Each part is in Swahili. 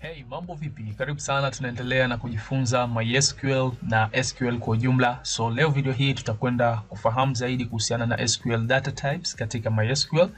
Hey, mambo vipi? Karibu sana, tunaendelea na kujifunza MySQL na SQL kwa ujumla. So leo video hii tutakwenda kufahamu zaidi kuhusiana na SQL data types katika MySQL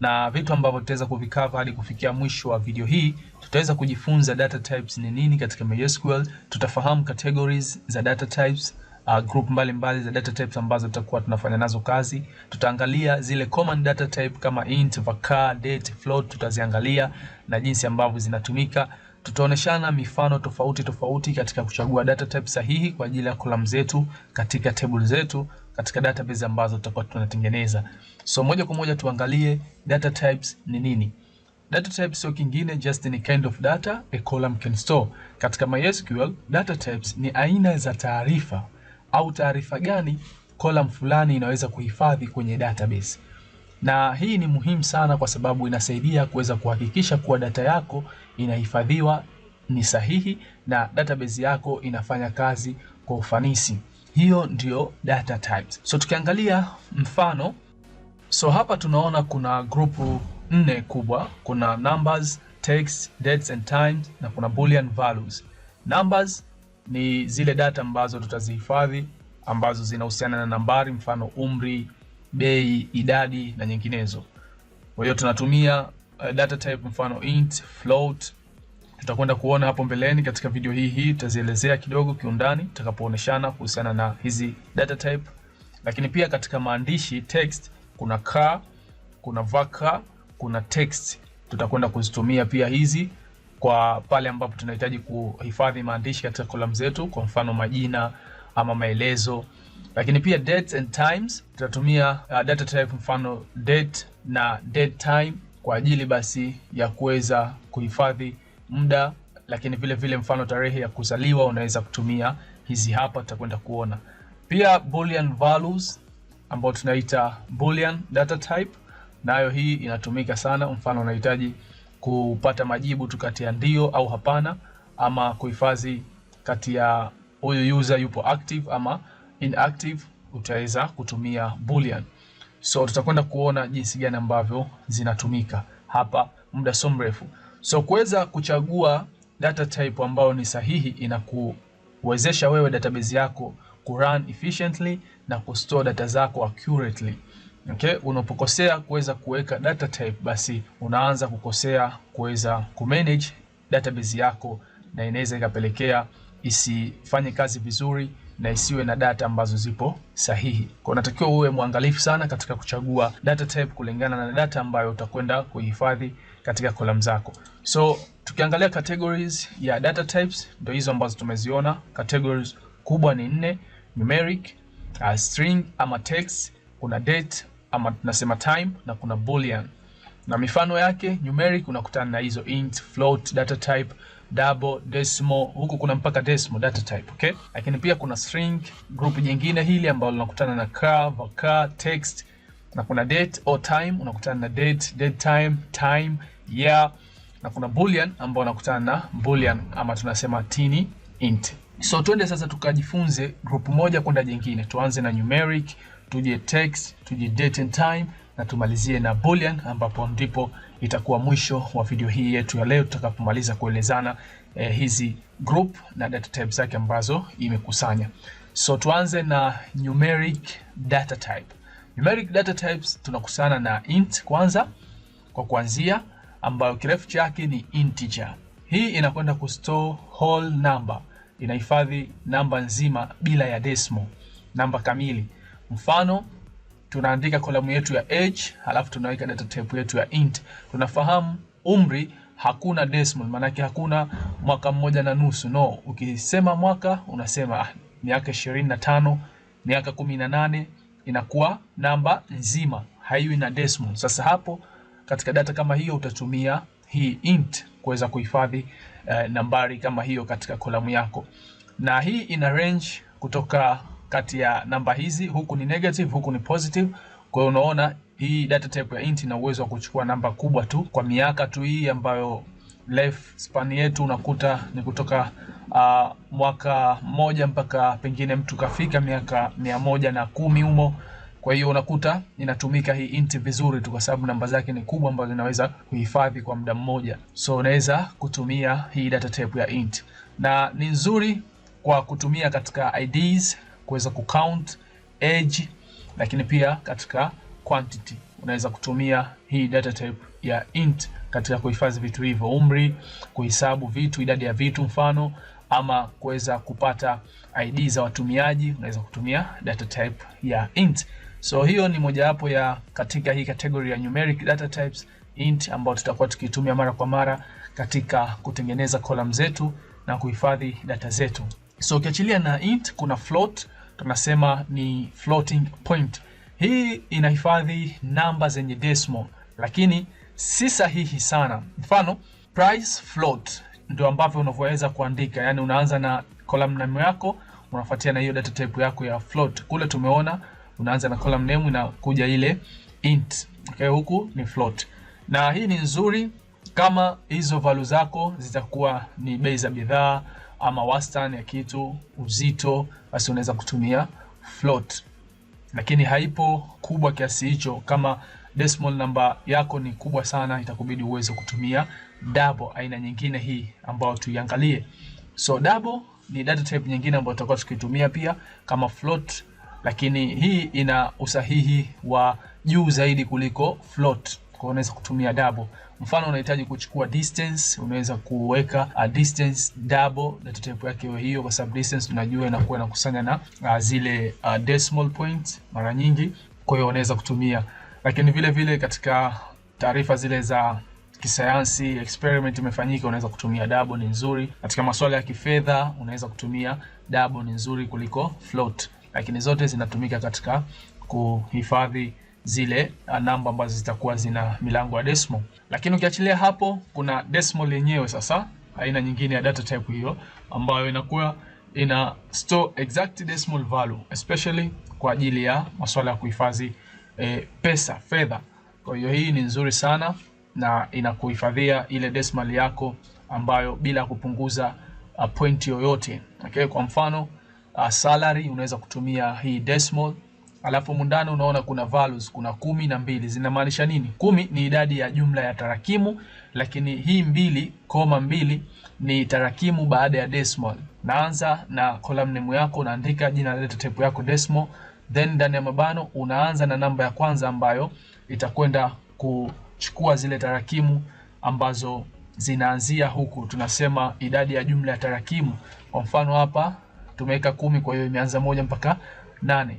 na vitu ambavyo tutaweza kuvikava hadi kufikia mwisho wa video hii. Tutaweza kujifunza data types ni nini katika MySQL, tutafahamu categories za data types uh, group mbalimbali za data types ambazo tutakuwa tunafanya nazo kazi. Tutaangalia zile common data type kama int, var, date, float tutaziangalia na jinsi ambavyo zinatumika. Tutaoneshana mifano tofauti tofauti katika kuchagua data type sahihi kwa ajili ya column zetu katika table zetu katika database ambazo tutakuwa tunatengeneza. So moja kwa moja tuangalie data types ni nini. Data types sio kingine just ni kind of data a column can store. Katika MySQL data types ni aina za taarifa au taarifa gani column fulani inaweza kuhifadhi kwenye database. Na hii ni muhimu sana kwa sababu inasaidia kuweza kuhakikisha kuwa data yako inahifadhiwa ni sahihi na database yako inafanya kazi kwa ufanisi. Hiyo ndio data types. So tukiangalia mfano, so hapa tunaona kuna grupu nne kubwa, kuna numbers, text, dates and times na kuna boolean values. Numbers ni zile data ambazo tutazihifadhi ambazo zinahusiana na nambari, mfano umri, bei, idadi na nyinginezo. Kwa hiyo tunatumia uh, data type mfano int, float. Tutakwenda kuona hapo mbeleni katika video hii hii tutazielezea kidogo kiundani tutakapooneshana kuhusiana na hizi data type. Lakini pia katika maandishi text kuna car, kuna vaka, kuna text. Tutakwenda kuzitumia pia hizi kwa pale ambapo tunahitaji kuhifadhi maandishi katika column zetu, kwa mfano majina ama maelezo. Lakini pia dates and times tutatumia uh, data type mfano date na date time kwa ajili basi ya kuweza kuhifadhi muda, lakini vile vile mfano tarehe ya kuzaliwa unaweza kutumia hizi hapa, tutakwenda kuona pia boolean values ambayo tunaita boolean data type, nayo na hii inatumika sana, mfano unahitaji kupata majibu tu kati ya ndio au hapana, ama kuhifadhi kati ya huyu user yupo active ama inactive, utaweza kutumia boolean. So tutakwenda kuona jinsi gani ambavyo zinatumika hapa muda so mrefu. So kuweza kuchagua data type ambayo ni sahihi inakuwezesha wewe database yako kurun efficiently na kustore data zako accurately. Okay, unapokosea kuweza kuweka data type, basi unaanza kukosea kuweza kumanage database yako, na inaweza ikapelekea isifanye kazi vizuri na isiwe na data ambazo zipo sahihi. Kwa unatakiwa uwe mwangalifu sana katika kuchagua data type kulingana na data ambayo utakwenda kuhifadhi katika kolam zako. So tukiangalia categories ya data types ndio hizo ambazo tumeziona. Categories kubwa ni nne: numeric, uh, string ama text, kuna date ama tunasema time na kuna boolean na mifano yake numeric unakutana na hizo int, float, data type, double, decimal, huku kuna mpaka decimal data type, okay? Lakini pia kuna string, group nyingine hili ambalo unakutana na char, var, text na kuna date or time unakutana na date, date time, time, year na kuna boolean ambao unakutana na boolean ama tunasema tini int. So twende sasa tukajifunze group moja kwenda jingine. Tuanze na numeric tuje text, tuje date and time na tumalizie na boolean, ambapo ndipo itakuwa mwisho wa video hii yetu ya leo tutakapomaliza kuelezana eh, hizi group na data types zake ambazo imekusanya. So tuanze na numeric data type. Numeric data types tunakusana na int kwanza kwa kuanzia, ambayo kirefu chake ni integer. Hii inakwenda kustore whole number, inahifadhi namba nzima bila ya decimal, namba kamili. Mfano, tunaandika kolamu yetu ya age halafu tunaweka data type yetu ya int. Tunafahamu umri hakuna decimal, maanake hakuna mwaka mmoja na nusu. No, ukisema mwaka unasema ah, miaka 25, miaka 18 inakuwa namba nzima, haiwi na decimal. Sasa hapo katika data kama hiyo utatumia hii int kuweza kuhifadhi eh, nambari kama hiyo katika kolamu yako, na hii ina range kutoka kati ya namba hizi, huku ni negative, huku ni positive. Kwa hiyo unaona hii data type ya int ina uwezo wa kuchukua namba kubwa tu. Kwa miaka tu hii ambayo life span yetu unakuta ni kutoka uh, mwaka mmoja mpaka pengine mtu kafika miaka mia moja na kumi humo. Kwa hiyo unakuta inatumika hii int vizuri tu, kwa sababu namba zake ni kubwa ambazo inaweza kuhifadhi kwa muda mmoja. So unaweza kutumia hii data type ya int na ni nzuri kwa kutumia katika IDs kuweza kucount age, lakini pia katika quantity unaweza kutumia hii data type ya int katika kuhifadhi vitu hivyo, umri, kuhesabu vitu, idadi ya vitu mfano, ama kuweza kupata ID za watumiaji, unaweza kutumia data type ya int. So hiyo ni mojawapo ya katika hii category ya numeric data types int, ambayo tutakuwa tukitumia mara kwa mara katika kutengeneza column zetu na kuhifadhi data zetu. So ukiachilia na int, kuna float tunasema ni floating point. Hii inahifadhi namba zenye decimal, lakini si sahihi sana. Mfano, price float ndio ambavyo unavyoweza kuandika, yaani unaanza na column name yako unafuatia na hiyo data type yako ya float. Kule tumeona unaanza na column name kuja ile int. Okay, huku ni float. Na hii ni nzuri kama hizo value zako zitakuwa ni bei za bidhaa ama wastani ya kitu, uzito, basi unaweza kutumia float, lakini haipo kubwa kiasi hicho. Kama decimal namba yako ni kubwa sana, itakubidi uweze kutumia double, aina nyingine hii ambayo tuiangalie. So double ni data type nyingine ambayo tutakuwa tukitumia pia kama float, lakini hii ina usahihi wa juu zaidi kuliko float. Kwa unaweza kutumia double. Mfano unahitaji kuchukua distance, unaweza kuweka a distance double na type yake iwe hiyo, kwa sababu distance tunajua inakuwa inakusanya na uh, zile uh, decimal point mara nyingi, kwa hiyo unaweza kutumia. Lakini vile vile katika taarifa zile za kisayansi experiment imefanyika, unaweza kutumia double, ni nzuri. Katika masuala ya kifedha unaweza kutumia double, ni nzuri kuliko float, lakini zote zinatumika katika kuhifadhi zile ah, namba ambazo zitakuwa zina milango ya decimal. Lakini ukiachilia hapo, kuna decimal yenyewe sasa, aina nyingine ya data type hiyo, ambayo inakuwa ina store exact decimal value especially kwa ajili ya masuala ya kuhifadhi e, pesa fedha. Kwa hiyo hii ni nzuri sana na inakuhifadhia ile decimal yako ambayo bila kupunguza uh, point yoyote okay. Kwa mfano uh, salary unaweza kutumia hii decimal alafu mundani unaona kuna values, kuna kumi na mbili. Zinamaanisha nini? Kumi ni idadi ya jumla ya tarakimu, lakini hii mbili koma mbili ni tarakimu baada ya decimal. Naanza na column name yako, unaandika jina la data type yako decimal, then ndani ya mabano unaanza na namba ya kwanza ambayo itakwenda kuchukua zile tarakimu ambazo zinaanzia huku, tunasema idadi ya jumla ya tarakimu. Kwa mfano hapa tumeweka kumi, kwa hiyo imeanza moja mpaka nane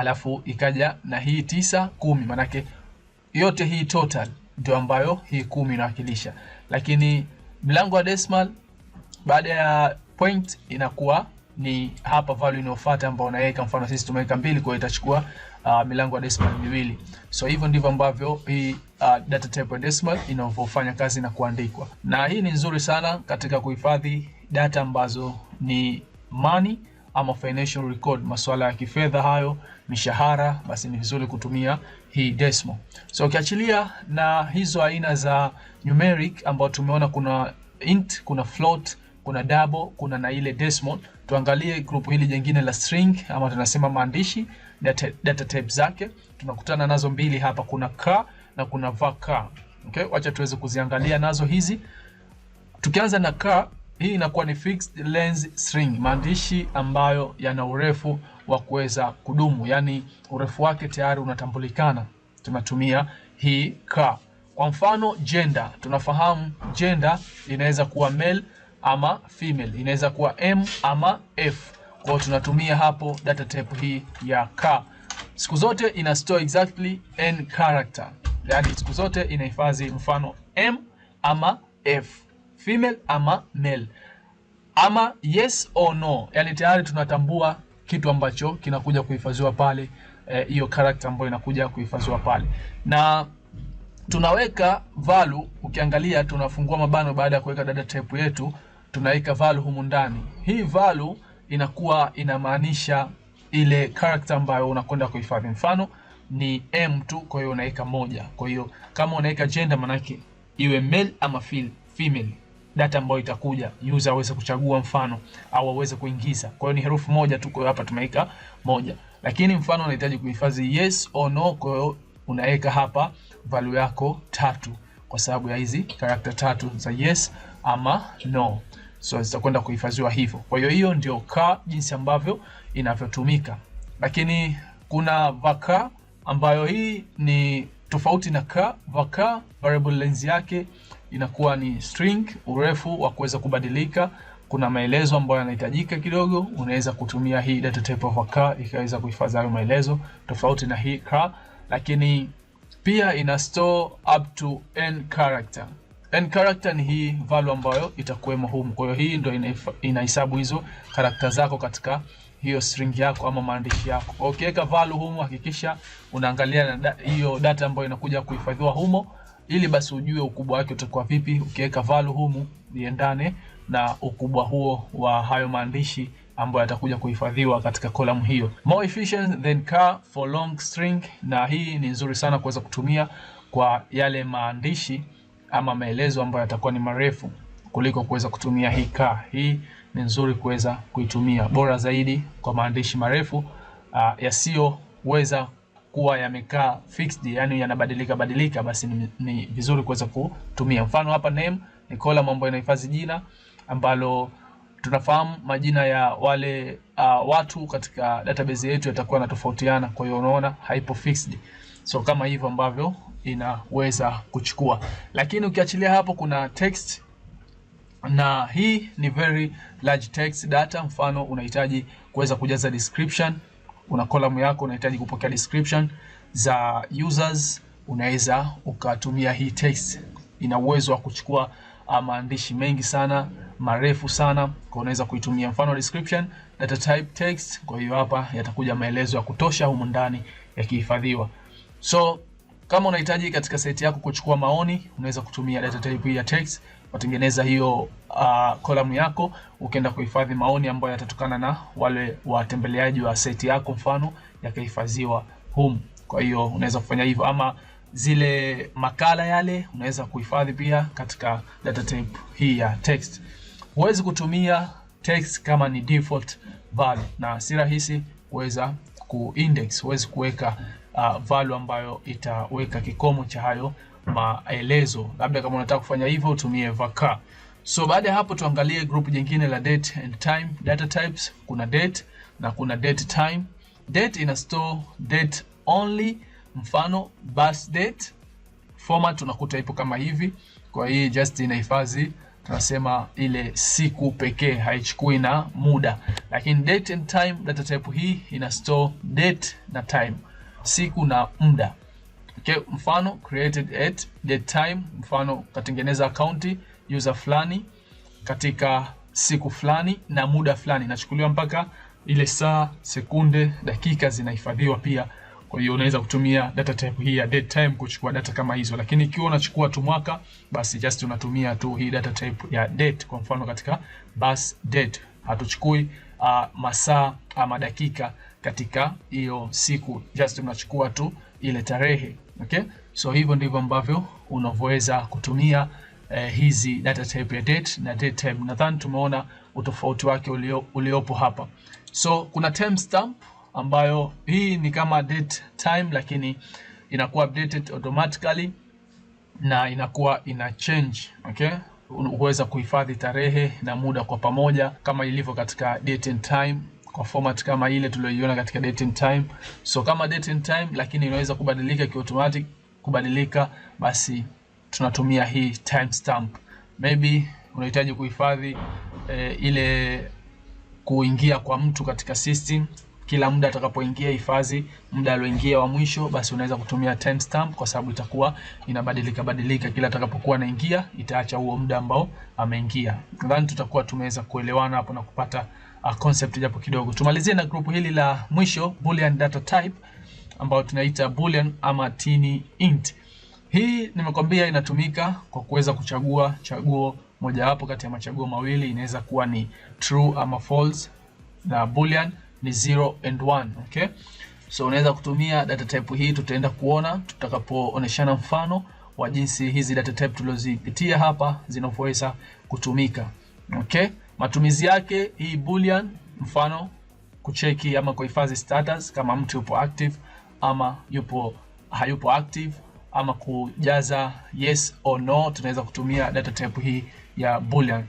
alafu ikaja na hii tisa kumi, manake yote hii total ndio ambayo hii kumi inawakilisha. Lakini mlango wa decimal baada ya point inakuwa ni hapa value inayofuata ambayo unaweka. Mfano sisi tumeweka mbili, kwa hiyo itachukua uh, milango ya decimal miwili. So hivyo ndivyo ambavyo hii uh, data type ya decimal inavyofanya kazi na kuandikwa, na hii ni nzuri sana katika kuhifadhi data ambazo ni money ama financial record, masuala ya kifedha hayo mishahara, basi ni vizuri kutumia hii decimal. So ukiachilia na hizo aina za numeric ambayo tumeona kuna int, kuna float, kuna double, kuna na ile decimal, tuangalie grupu hili jingine la string ama tunasema maandishi data, data type zake. Tunakutana nazo mbili hapa, kuna ka na kuna vaka. Okay, wacha tuweze kuziangalia nazo hizi. Tukianza na ka, hii inakuwa ni fixed length string, maandishi ambayo yana urefu wa kuweza kudumu, yaani urefu wake tayari unatambulikana. Tunatumia hii ka. Kwa mfano gender, tunafahamu gender inaweza kuwa male ama female, inaweza kuwa M ama F. Kwa hiyo tunatumia hapo data type hii ya ka. Siku zote ina store exactly n character, yaani siku zote inahifadhi mfano M ama F, female ama male, ama yes or no, yaani tayari tunatambua kitu ambacho kinakuja kuhifadhiwa pale eh, hiyo e, character ambayo inakuja kuhifadhiwa pale na tunaweka value. Ukiangalia tunafungua mabano baada ya kuweka data type yetu, tunaweka value humu ndani. Hii value inakuwa inamaanisha ile character ambayo unakwenda kuhifadhi, mfano ni m tu, kwa hiyo unaweka moja. Kwa hiyo kama unaweka gender, manake iwe male ama female data ambayo itakuja user aweze kuchagua mfano au aweze kuingiza. Kwa hiyo ni herufi moja tu, kwa hiyo hapa tumeweka moja, lakini mfano unahitaji kuhifadhi yes or no, kwa hiyo unaweka hapa value yako tatu kwa sababu ya hizi character tatu za yes ama no, so zitakwenda kuhifadhiwa hivyo. Kwa hiyo hiyo ndio ka jinsi ambavyo inavyotumika, lakini kuna vaka ambayo hii ni tofauti na ka. Vaka variable length yake inakuwa ni string, urefu wa kuweza kubadilika. Kuna maelezo ambayo yanahitajika kidogo, unaweza kutumia hii data type of car ikaweza kuhifadhi hayo maelezo, tofauti na hii car, Lakini pia ina store up to n character. N character ni hii value ambayo itakuwemo humu. Kwa hiyo hii ndio inahesabu hizo character zako katika hiyo string yako ama maandishi yako. Ukiweka value humu, hakikisha unaangalia hiyo data ambayo inakuja kuhifadhiwa humo ili basi ujue ukubwa wake utakuwa vipi, ukiweka value humu iendane na ukubwa huo wa hayo maandishi ambayo yatakuja kuhifadhiwa katika kolamu hiyo. More efficient than car for long string, na hii ni nzuri sana kuweza kutumia kwa yale maandishi ama maelezo ambayo yatakuwa ni marefu kuliko kuweza kutumia hii car. Hii ni nzuri kuweza kuitumia, bora zaidi kwa maandishi marefu uh, yasiyoweza kuwa yamekaa fixed, yani yanabadilika badilika, basi ni, ni vizuri kuweza kutumia. Mfano hapa name ni column ambayo inahifadhi jina ambalo tunafahamu majina ya wale uh, watu katika database yetu yatakuwa yanatofautiana, kwa hiyo unaona haipo fixed. So kama hivyo ambavyo inaweza kuchukua, lakini ukiachilia hapo kuna text na hii ni very large text data. Mfano unahitaji kuweza kujaza description una column yako unahitaji kupokea description za users, unaweza ukatumia hii text. Ina uwezo wa kuchukua ah, maandishi mengi sana marefu sana, kwa unaweza kuitumia mfano description, data type text. Kwa hiyo hapa yatakuja maelezo ya kutosha humu ndani yakihifadhiwa. So kama unahitaji katika site yako kuchukua maoni, unaweza kutumia data type ya text watengeneza hiyo uh, kolamu yako, ukienda kuhifadhi maoni ambayo yatatokana na wale watembeleaji wa site yako, mfano yakahifadhiwa humu. Kwa hiyo unaweza kufanya hivyo, ama zile makala yale unaweza kuhifadhi pia katika data type hii ya text. Huwezi kutumia text kama ni default value, na si rahisi kuweza kuindex, huwezi kuweka uh, value ambayo itaweka kikomo cha hayo maelezo. Labda kama unataka kufanya hivyo utumie vaka. So baada ya hapo tuangalie group jingine la date and time, data types, kuna date na kuna date time. Date ina store date only, mfano birth date. Format unakuta ipo kama hivi. Kwa hii just inahifadhi tunasema ile siku pekee, haichukui na muda. Lakini date and time, data type hii ina store date na time, siku na muda. Okay, mfano created at the time, mfano katengeneza akaunti user fulani katika siku fulani na muda fulani, nachukuliwa mpaka ile saa, sekunde, dakika zinahifadhiwa pia. Kwa hiyo unaweza kutumia data type hii ya date time kuchukua data kama hizo, lakini ikiwa unachukua tu mwaka, basi just unatumia tu hii data type ya date. Kwa mfano katika bus date, hatuchukui uh, masaa ama dakika katika hiyo siku, just unachukua tu ile tarehe. Okay? So hivyo ndivyo ambavyo unavyoweza kutumia eh, hizi data type ya date na date time. Nadhani tumeona utofauti wake uliopo hapa. So kuna stamp ambayo hii ni kama date time, lakini inakuwa updated automatically na inakuwa ina change okay? Huweza kuhifadhi tarehe na muda kwa pamoja kama ilivyo katika date and time kwa format kama ile tuliyoiona katika date and time. So kama date and time, lakini inaweza kubadilika kiautomatic. Kubadilika basi tunatumia hii timestamp. Maybe unahitaji kuhifadhi e, ile kuingia kwa mtu katika system kila muda atakapoingia hifadhi muda alioingia wa mwisho, basi unaweza kutumia timestamp kwa sababu itakuwa inabadilika badilika kila atakapokuwa anaingia, itaacha huo muda ambao ameingia. Nadhani tutakuwa tumeweza kuelewana hapo na kupata uh, concept japo kidogo. Tumalizie na grupu hili la mwisho boolean data type ambayo tunaita boolean ama tini int. Hii nimekwambia inatumika kwa kuweza kuchagua chaguo mojawapo kati ya machaguo mawili, inaweza kuwa ni true ama false, na boolean ni 0 and 1, okay? So unaweza kutumia data type hii, tutaenda kuona tutakapoonyeshana mfano wa jinsi hizi data type tulizozipitia hapa zinavyoweza kutumika, okay? Matumizi yake hii boolean, mfano kucheki ama kuhifadhi status kama mtu yupo active ama yupo hayupo active, ama kujaza yes or no, tunaweza kutumia data type hii ya boolean.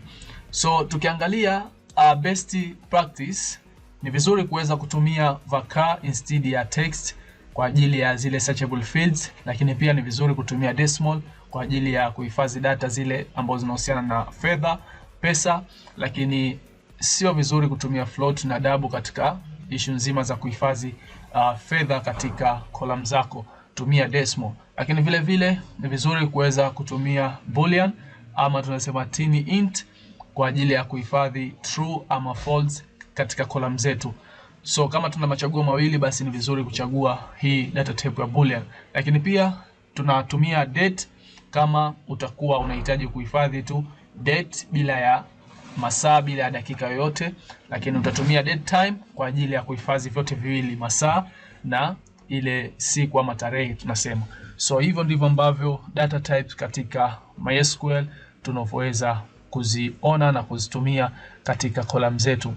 So tukiangalia uh, best practice ni vizuri kuweza kutumia vaka instead ya text kwa ajili ya zile searchable fields, lakini pia ni vizuri kutumia decimal kwa ajili ya kuhifadhi data zile ambazo zinahusiana na fedha pesa, lakini sio vizuri kutumia float na dabu katika ishu nzima za kuhifadhi uh, fedha katika kolam zako. Tumia desmo. lakini vile vile ni vizuri kuweza kutumia bullion ama tunasema tini int kwa ajili ya kuhifadhi true ama false katika kolam zetu. So kama tuna machaguo mawili, basi ni vizuri kuchagua hii data type ya bullion. lakini pia tunatumia date kama utakuwa unahitaji kuhifadhi tu date bila ya masaa bila ya dakika yoyote, lakini utatumia date time kwa ajili ya kuhifadhi vyote viwili, masaa na ile siku ama tarehe tunasema. So hivyo ndivyo ambavyo data types katika MySQL tunavyoweza kuziona na kuzitumia katika column zetu.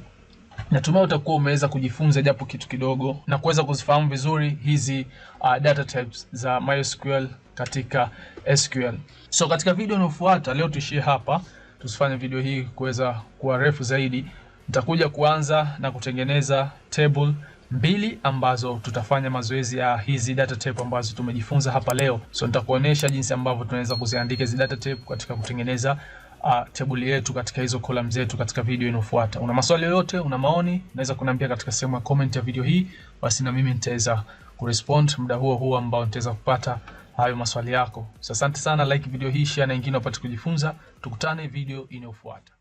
Natumai utakuwa umeweza kujifunza japo kitu kidogo na kuweza kuzifahamu vizuri hizi uh, data types za MySQL katika SQL. So katika video inayofuata leo tuishie hapa, tusifanye video hii kuweza kuwa refu zaidi. Nitakuja kuanza na kutengeneza table mbili ambazo tutafanya mazoezi ya hizi data type ambazo tumejifunza hapa leo. So nitakuonesha jinsi ambavyo tunaweza kuziandika hizi data type katika kutengeneza uh, yetu katika hizo column zetu katika video inayofuata. Una maswali yoyote, una maoni, unaweza kuniambia katika sehemu ya comment ya video hii, basi na mimi nitaweza kurespond muda huo huo ambao nitaweza kupata hayo maswali yako. Asante sana, like video hii, share na wengine wapate kujifunza. Tukutane video inayofuata.